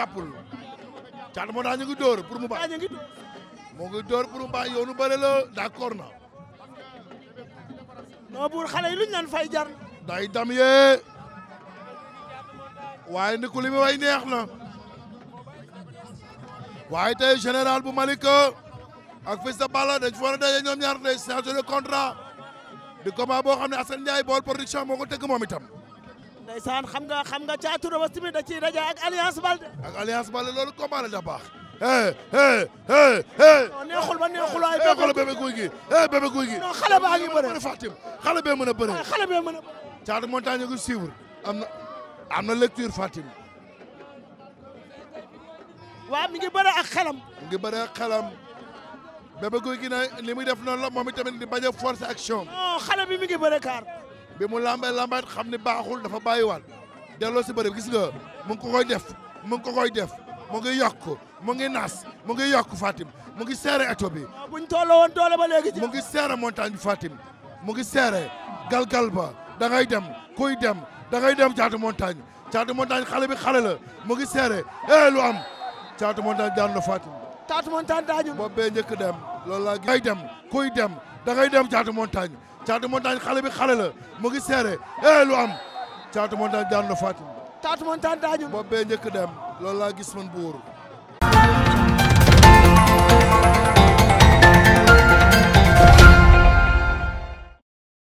jàppul caat moo daa ñu ngi dóor pour mu baax moo ngi dóor pour mu baax yoonu bëre la na non buur xale yi luñ fay jar day dam yee waaye ndi ku way neex na waaye tey général bu Malika ak Fils de Balla dañ fi war a daje ñoom ñaar tey de contrat di combat boo xam ne Assane Ndiaye bool production moo ko tëgg moom itam ndeysaan xam nga xam nga Thiatou Rebeuss tamit da ciy daje ak Alliance Baldé. ak Alliance Baldé loolu combat la da baax. hey hey hey hey. non neexul ba neexul ay bébé. xoolal bébé guy gi hey bébé guy gi. non xale baa ngi bëre Fatim xale bee mën a bëre. xale bee mën a Montagne gu suivre am na am na lecture Fatim. mi ngi bëre ak xelam. mi ngi bëre ak xelam. bébé guy gi na li def noonu la moom itamit di bañ a force action. non xale bi mi ngi bëre kaar. bi mu lambay lambaat xam ne baaxul dafa bàyyiwaat delloo si bëri gis nga mu ngi ko koy def mu ngi ko koy def mu ngi yokk mu ngi naas mu ngi yokk Fatim mu ngi seere eto bi. Ah, buñ tolloo woon doole ba léegi. mu ngi seere montagne bi Fatim mu ngi seere galgal ba da ngay dem kuy dem dangay dem caatu montagne caatu montagne xale bi xale la mu ngi seere eh lu am caatu montagne daan na Fatim. caatu montagne daañu. boobu bee njëkk dem loolu laa gis. ngay dem kuy dem da ngay dem caatu montagne caatu montagne xale bi xale la mu ngi seere eh am caatu montagne daan na Fatim. caatu montagne daañu. boobu bee njëkk dem loolu laa gis man buur